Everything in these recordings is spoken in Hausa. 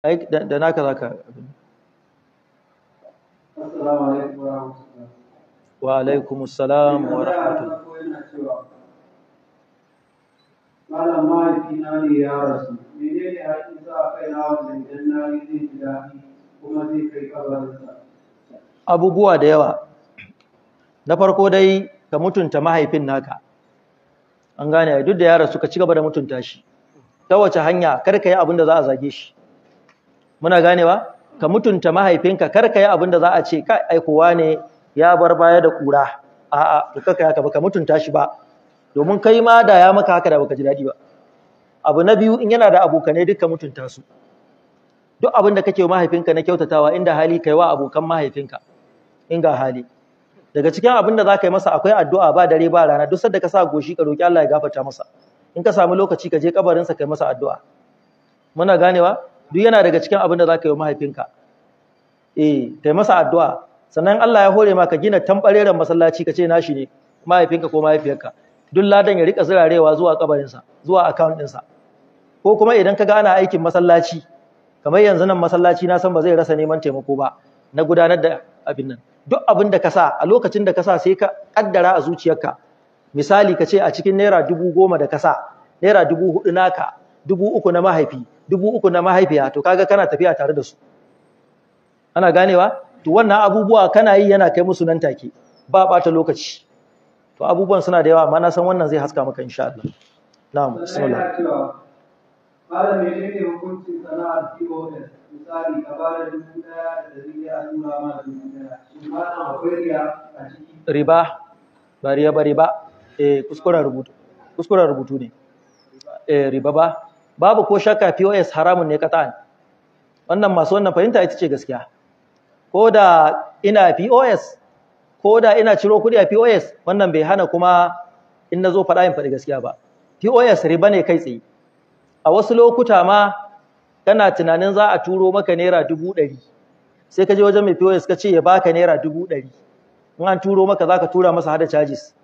da naka zaka Assalamu alaikum wa rahmatullahi wa alaikum assalam wa rahmatullahi Malam mahaifina ne ya rasu, mene ne haƙi za a kai na wannan idan na yi zai kuma zai kai kabarinsa. Abubuwa da yawa. Na farko dai ka mutunta mahaifin naka. An gane duk da ya rasu ci gaba da mutunta shi. Ta wace hanya kar ka yi abin da za a zage shi. muna ganewa ka mutunta mahaifinka kar ka yi abin da za a ce ka ai ne ya bar baya da kura a'a to ka haka baka mutunta shi ba domin kai ma da ya maka haka da baka ji daɗi ba abu na biyu in yana da abokanai duka mutunta su duk abin da kake mahaifinka na kyautatawa inda hali kai wa abokan mahaifinka in ga hali daga cikin abin da za ka yi masa akwai addu'a ba dare ba rana duk sadda ka sa goshi ka roki Allah ya gafarta masa in ka samu lokaci ka je kabarinsa kai masa addu'a muna ganewa duk yana daga cikin abin da za ka yi mahaifinka eh kai masa addu'a sannan Allah ya hore ma ka gina tambareren masallaci ka ce nashi ne mahaifinka ko mahaifiyarka duk ladan ya rika zirarewa zuwa kabarinsa zuwa account sa ko kuma idan ka ga ana aikin masallaci kamar yanzu nan masallaci na san ba zai rasa neman taimako ba na gudanar da abin nan duk abin da ka sa a lokacin da ka sa sai ka kaddara a zuciyarka misali ka ce a cikin naira dubu goma da ka sa naira dubu hudu naka dubu uku na mahaifi dubu uku na mahaifiya to kaga kana tafiya tare da su ana ganewa to wannan abubuwa kana yi yana kai musu nan take ba bata lokaci to abubuwan suna da yawa amma na san wannan zai haska maka insha Allah na'am bismillah malam me yake hukuncin sana'ar POS misali ka ba da dubu daya da riya a tura ma dubu daya shi ma akwai riya a ciki riba ba riya ba riba eh kuskuren rubutu kuskuren rubutu ne eh riba ba babu ko shakka POS haramun ne kata'an wannan masu wannan fahimta ita ce gaskiya ko da ina POS ko da ina ciro kuɗi a POS wannan bai hana kuma in na zo faɗa in faɗi gaskiya ba POS riba ne kai tsaye a wasu lokuta ma kana tunanin za a turo maka naira dubu ɗari sai ka je wajen mai POS ka ce ya baka naira dubu ɗari in an turo maka za ka tura masa hada charges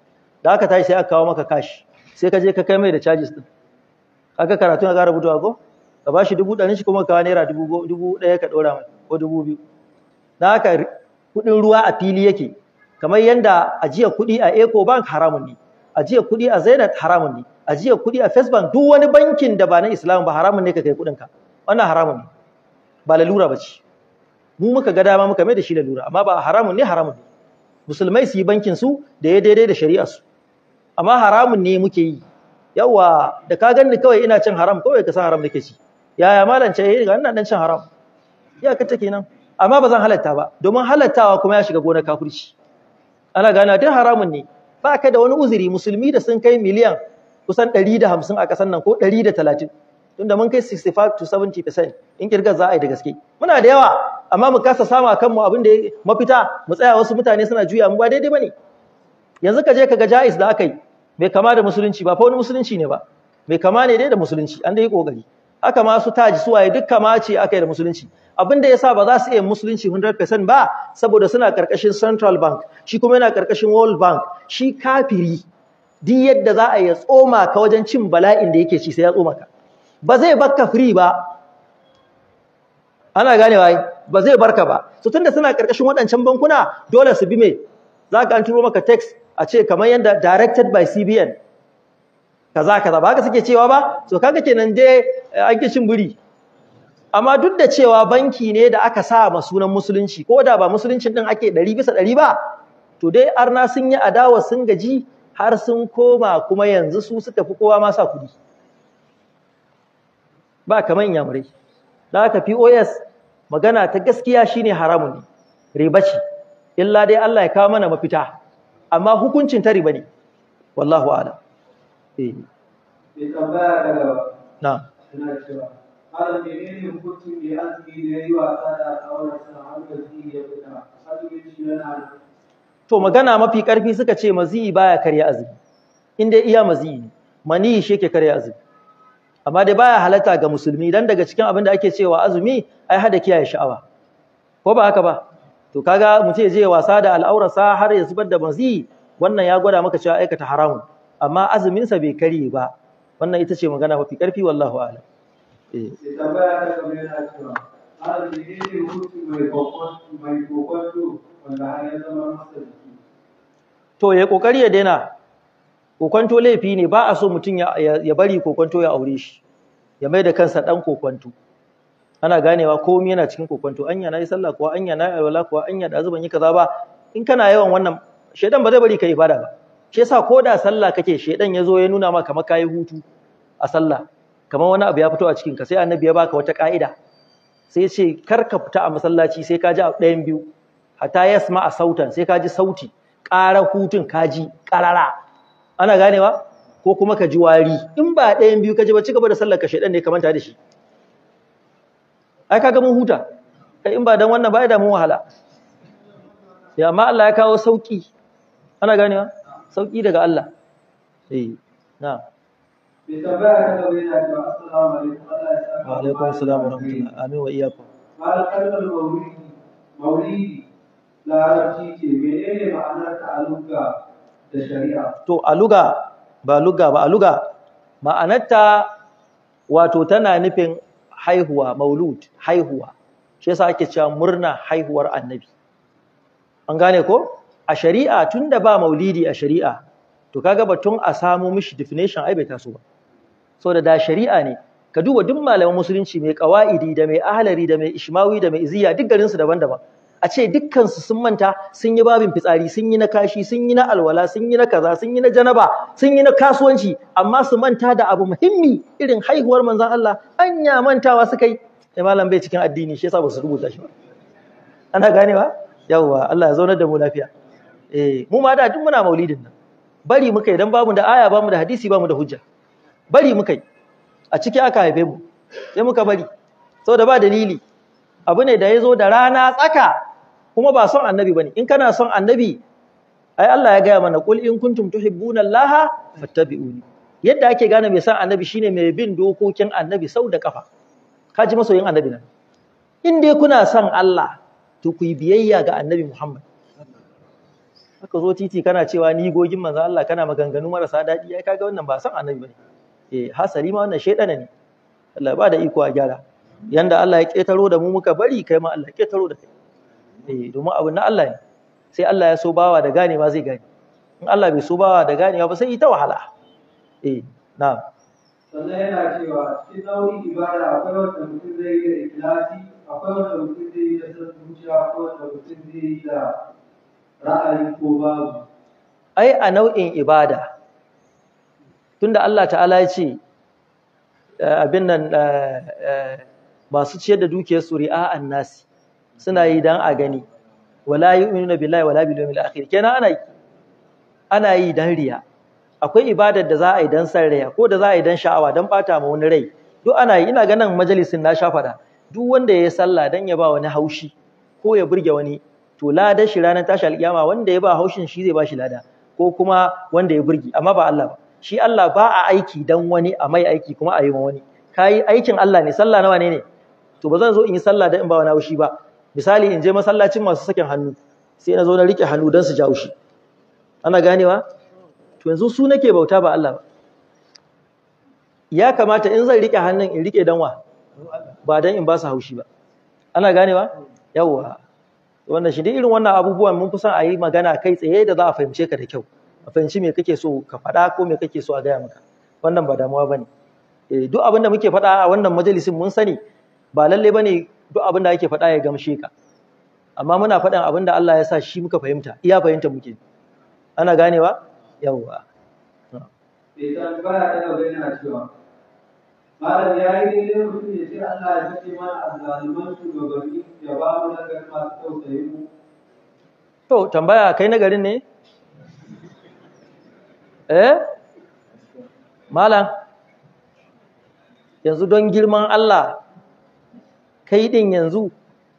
da aka tashi sai aka kawo maka cash sai ka je ka kai mai da charges din kaga karatu na ga rubutuwa ko ka bashi dubu ɗari shi kuma kawo naira dubu ɗaya ka dora mai ko dubu biyu na haka kuɗin ruwa a fili yake kamar yadda ajiya kuɗi a eco bank haramun ne ajiya kuɗi a zainat haramun ne ajiya kuɗi a first bank duk wani bankin da ba na islam ba haramun ne ka kai kuɗinka wannan haramun ne ba lalura ba ci. mu muka ga dama muka mai da shi lalura amma ba haramun ne haramun ne musulmai su yi bankin su da ya daidai da shari'ar su amma haramun ne muke yi yawa da ka ganni kawai ina cin haram kawai ka san haram nake ci yaya malam ce eh ga ina dan cin haram ya ka take nan amma ba zan halatta ba domin halattawa kuma ya shiga gonar kafirci ana gana duk haramun ne ba ka da wani uzuri musulmi da sun kai miliyan kusan 150 a ƙasar nan ko 130 tunda mun kai 65 to 70% in kirgar za a yi da gaske muna da yawa amma mu kasa samu sama kanmu abin da ya mafita mu tsaya wasu mutane suna juya mu ba daidai ba ne. yanzu ka je ka ga jais da aka yi Mai kama da musulunci ba fa wani musulunci ne ba bai kama ne dai da musulunci an dai kokari aka ma su taji su waye duk kama ce aka yi da musulunci abin da yasa ba za su iya musulunci 100% ba saboda suna karkashin central bank shi kuma yana karkashin world bank shi kafiri duk yadda za a ya tsoma ka wajen cin bala'in da yake ci sai ya tsoma ka ba zai barka free ba ana gane wai ba zai barka ba su tunda suna karkashin waɗancan bankuna dole su bi me za ka an turo maka text a ce kamar yadda directed by CBN kaza kaza ba ka suke cewa ba to kaga kenan dai eh, an kishin buri amma duk da cewa banki ne da aka sa ma sunan musulunci ko da ba musuluncin din ake 100 bisa 100 ba to dai arna sun yi adawa sun gaji har sun koma kuma yanzu su suka fi kowa ma sa kudi ba kamar yamurai da haka POS magana ta gaskiya shine haramun riba ce illa dai Allah ya kawo mana mafita amma hukuncin ta riba ne wallahu ala eh na to magana mafi karfi suka ce maziyi baya karya azumi in dai iya maziyi ne maniyi shi ke karya azumi amma dai baya halatta ga musulmi dan daga cikin abin da ake cewa azumi ai hada kiyaye sha'awa ko ba haka ba to kaga mutum ya je wasa da al'aurarsa har ya zubar da mazi wannan ya gwada maka cewa aikata haramun amma azumin sa bai karye ba wannan ita ce magana mafi karfi wallahu a'ala eh. ya to ya kokari ya daina kokwanto laifi ne ba a so mutum ya bari kokwanto ya aure shi ya mai da kansa dan kokwanto ana ganewa komai yana cikin kokonto anya nayi sallah kuwa anya nayi alwala kuwa anya da azuban yi kaza ba in kana yawan wannan shedan ba zai bari ka ibada ba shi yasa ko da sallah kake shedan ya zo ya nuna maka kamar kai hutu a sallah kamar wani abu ya fito a cikin ka sai annabi ya baka wata ka'ida sai ce kar ka fita a masallaci sai ka ji a ɗayan biyu hatta yasma a sautan sai ka ji sauti ƙara hutun ka ji ƙarara ana ganewa ko kuma ka ji wari in ba ɗayan biyu ka ji ba ci gaba da sallar ka shaidan ne ka ta da shi ai kaga mun huta kai in ba dan wannan ba ya damu wahala ya amma Allah ya kawo sauki ana ganewa sauki daga Allah eh na'am bi tabaraka wa assalamu alaikum wa alaikum assalam wa rahmatullahi amin wa iyyakum mal kalmar mawlidi mawlidi larabci ce menene ma'anar ta aluga da shari'a to aluga ba luga ba aluga ma'anarta wato tana nufin haihuwa maulud haihuwa shi yasa ake cewa murna haihuwar annabi an gane ko a shari'a tunda ba maulidi a shari'a to kaga batun a samu mishi definition ai bai taso ba saboda da shari'a ne ka duba duk malaman musulunci mai qawaidi da mai ahlari da mai ishmawi da mai iziya duk garin su daban-daban a ce dukkansu sun manta sun yi babin fitsari sun yi na kashi sun yi na alwala sun yi na kaza sun yi na janaba sun yi na kasuwanci amma su manta da abu muhimmi irin haihuwar manzon Allah anya mantawa suka yi sai malam bai cikin addini shi yasa ba su rubuta shi ba ana ganewa yawwa Allah ya zaunar da mu lafiya eh mu ma da duk muna maulidin nan bari muka idan bamu da aya bamu da hadisi bamu da hujja bari muka yi a ciki aka haife mu sai muka bari saboda ba dalili abu ne da ya zo da rana tsaka kuma ba son annabi ba ne. in kana son annabi ai Allah ya gaya mana kul in kuntum tuhibbuna Allah fattabi'uni yadda ake gane mai son annabi shine mai bin dokokin annabi sau da kafa ji masoyin annabi na. in dai kuna son Allah to ku yi biyayya ga annabi Muhammad aka zo titi kana cewa ni gogin manzo Allah kana maganganu marasa daɗi ai kaga wannan ba san annabi bane eh hasari ma wannan shedana ne Allah ba da iko a gyara yanda Allah ya ƙetaro da mu muka bari kai ma Allah ya ƙetaro da kai eh domin abin na Allah ne sai Allah ya so bawa da gane ma zai gane in Allah bai so bawa da gane ba sai ita wahala eh na'am sannan yana cewa cikin nau'in ibada akwai wanda mutum zai yi da ikhlasi akwai wanda mutum zai yi da san zuciya akwai wanda mutum zai yi da ra'ayi ko babu ai a nau'in ibada tunda Allah ta'ala ya ce eh, abin nan eh, eh, masu ciyar da dukiyar su ri'a'an nasi suna yi dan a gani wala yu'minuna billahi wala bil yawmil akhir kenan ana yi ana yi dan riya akwai ibadar da za a yi dan san riya ko da za a yi dan sha'awa dan bata ma wani rai duk ana yi ina ganin majalisin na sha fada duk wanda ya sallah dan ya ba wani haushi ko ya burge wani to ladan shi ranar tashi alkiyama wanda ya ba haushin shi zai ba shi lada ko kuma wanda ya burge amma ba Allah ba shi Allah ba a aiki dan wani a mai aiki kuma a yi wani kayi aikin Allah ne sallah nawa ne ne to ba zan zo in yi sallah da in ba wani haushi ba misali in je masallacin masu sakin hannu sai na zo na rike hannu don su ja haushi ana ganewa to yanzu su nake bauta ba Allah ba ya kamata in zan rike hannun in rike danwa ba dan in ba su haushi ba ana ganewa yawwa wannan shi duk irin wannan abubuwan mun fi son a yi magana kai tsaye da za a fahimce ka da kyau a fahimci me kake so ka faɗa ko me kake so a gaya maka wannan ba damuwa bane eh duk abin da muke faɗa a wannan majalisin mun sani ba lalle bane duk abin da ake faɗa ya gamshe ka amma muna faɗin abin da Allah ya sa shi muka fahimta iya fahimta muke ana ganewa yawwa bai ta baya da bayyana cewa malam ya yi daidai mutum ya ce Allah ya ce mana azzaluman shugabanni ya ba mu nagar masu tausayi mu to tambaya kai nagarin ne eh malam yanzu don girman Allah kai din yanzu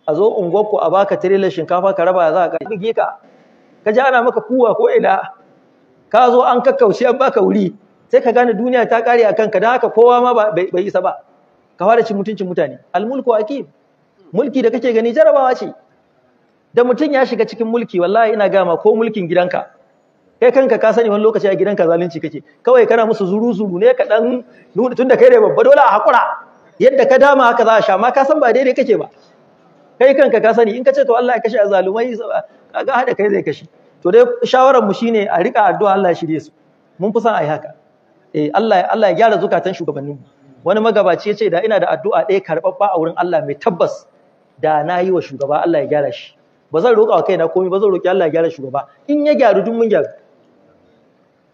a zo unguwarku a baka trailer shinkafa ka raba za ka bige ka ka ji ana maka kuwa ko ina ka zo an kakkaushe an baka wuri sai ka gane duniya ta kare akan ka dan haka kowa ma bai isa ba ka fara cin mutuncin mutane almulku hakim mulki da kake gani jarabawa ce da mutum ya shiga cikin mulki wallahi ina gama ko mulkin gidanka kai kanka ka sani wani lokaci a gidanka zalunci kake kawai kana musu zuru zuru ne ka dan tunda kai ne babba dole a hakura yadda ka dama haka za a sha ma ka san ba daidai kake ba kai kanka ka sani in ka ce to Allah ya kashe azalumai ga hada kai zai kashe to dai shawaran mu shine a rika addu'a Allah ya shirye su mun fi son ai haka eh Allah Allah ya gyara zukatan shugabannin mu wani magabaci ya ce da ina da addu'a ɗaya karɓaɓɓa a wurin Allah mai tabbas da na yi wa shugaba Allah ya gyara shi ba zan roƙa wa kaina komai ba zan roƙi Allah ya gyara shugaba in ya gyaru duk mun gyaru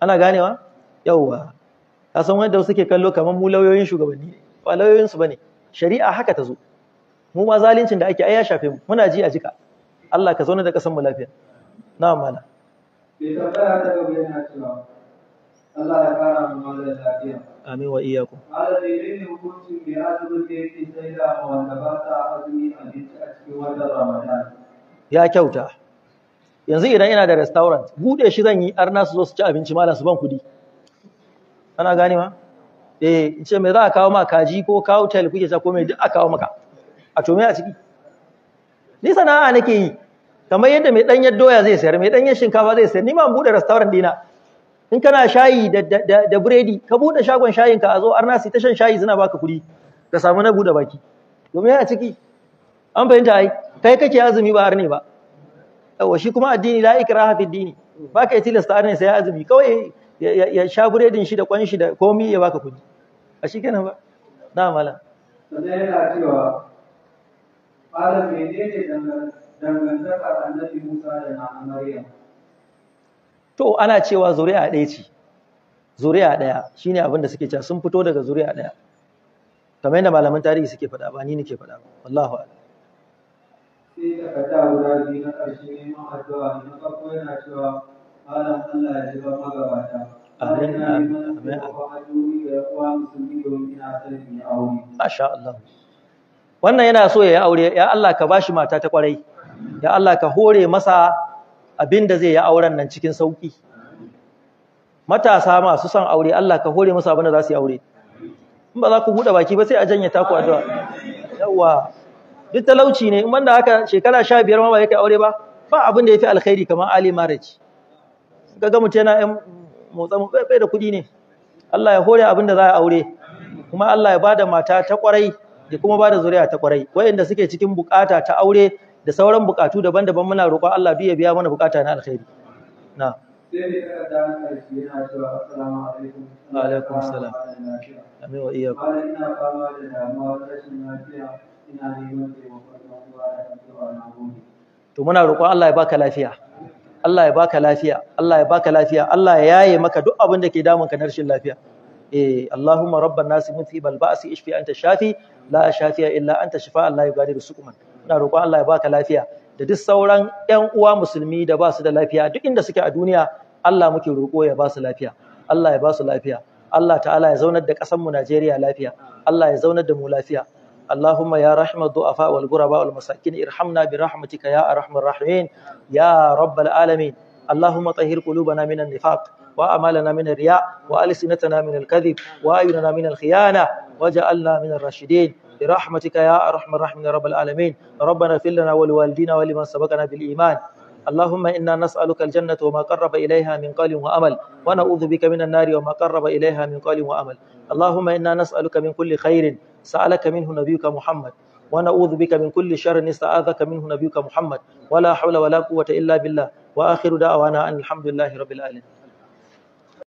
ana ganewa yauwa ka san wanda suke kallo kamar mu lauyoyin shugabanni ne ba lauyoyinsu ba ne shari'a haka ta zo mu ma zalincin da ake ai ya shafe mu muna ji a jika Allah ka zauna da kasan mu lafiya na'am mala bai tabbata ta gaba yana cewa Allah ya fara mu da lafiya amin wa iyyakum Allah bai ne hukuncin bi azumi da yake sai da wanda ba ta azumi a cikin wannan Ramadan ya kyauta yanzu idan ina da restaurant bude shi zan yi arna su zo su ci abinci malam su ban kudi ana gane ma eh ce me za a kawo ma kaji ko kawo tel kuke sa ko me duk a kawo maka a to me a ciki ni sana'a nake yi kamar yadda mai danyen doya zai sayar mai danyen shinkafa zai sayar ni ma bude restaurant dina in kana shayi da da da biredi ka bude shagon shayin ka a zo arna sai ta shan shayi suna baka kuɗi ka samu na bude baki To me a ciki an fahimta ai kai kake azumi ba arne ba yawa shi kuma addini la ikraha fi dini baka yi tilasta arne sai azumi kawai ya sha biredin shi da kwan shi da komi ya baka kuɗi a shi kenan ba da malam sannan yana cewa malam menene dangantakar annabi Musa da na Maryam to ana cewa zuri'a ɗaya ce zuri'a ɗaya shine abin da suke cewa sun fito daga zuri'a ɗaya kamar yadda malaman tarihi suke faɗa ba ni nake faɗa ba wallahu a'lam sai da fata guda biyu na ƙarshe ne addu'a na farko yana cewa malam Allah ya ji ba magabata Allah. Wannan yana so ya yi aure, ya Allah ka bashi mata ta kwarai, ya Allah ka hore masa abin da zai yi auren nan cikin sauƙi. Matasa masu son aure, Allah ka hore masa abin da za su yi aure. In ba za ku buɗe baki ba sai a janye taku addu'a. Yawwa, duk talauci ne, in banda haka shekara sha biyar ma ba ya kai aure ba, ba abin da ya fi alkhairi kamar Ali Marriage. Ga mutum yana motsa bai da kuɗi ne Allah ya hore abin da za a aure kuma Allah ya bada mata ta kwarai da kuma bada zuriya ta kwarai wayanda suke cikin bukata ta aure da sauran bukatu daban-daban muna roƙo Allah biya biya mana bukata na alkhairi na amin ina fama da damuwa rashin lafiya ina neman taimakon to muna roƙon Allah ya baka lafiya Allah ya baka lafiya Allah ya baka lafiya Allah ya yaye maka duk abin da ke damun ka na rashin lafiya eh Allahumma rabban nas muthibal ba'si ishfi anta shafi la shafiya illa anta shifa Allah ya gadi rusukuman ina roƙon Allah ya baka lafiya da duk sauran ƴan uwa musulmi da ba su da lafiya duk inda suke a duniya Allah muke roƙo ya ba su lafiya Allah ya ba su lafiya Allah ta'ala ya zaunar da ƙasar mu Najeriya lafiya Allah ya zaunar da mu lafiya اللهم يا رحم الضعفاء والغرباء والمساكين ارحمنا برحمتك يا ارحم الراحمين يا رب العالمين اللهم طهر قلوبنا من النفاق وأمالنا من الرياء وألسنتنا من الكذب وأعيننا من الخيانة وجعلنا من الراشدين برحمتك يا أرحم الراحمين رب العالمين ربنا اغفر لنا ولوالدينا ولمن سبقنا بالإيمان اللهم إنا نسألك الجنة وما قرب إليها من قول وأمل ونعوذ بك من النار وما قرب إليها من قول وأمل Allahumma inna nas'aluka min kulli khairin sa'alaka minhu nabiyyuka Muhammad wa na'udhu ka min kulli sharrin ista'adhaka minhu nabiyuka Muhammad wala hawla wala quwwata illa billah wa akhiru da'wana alhamdulillahi rabbil alamin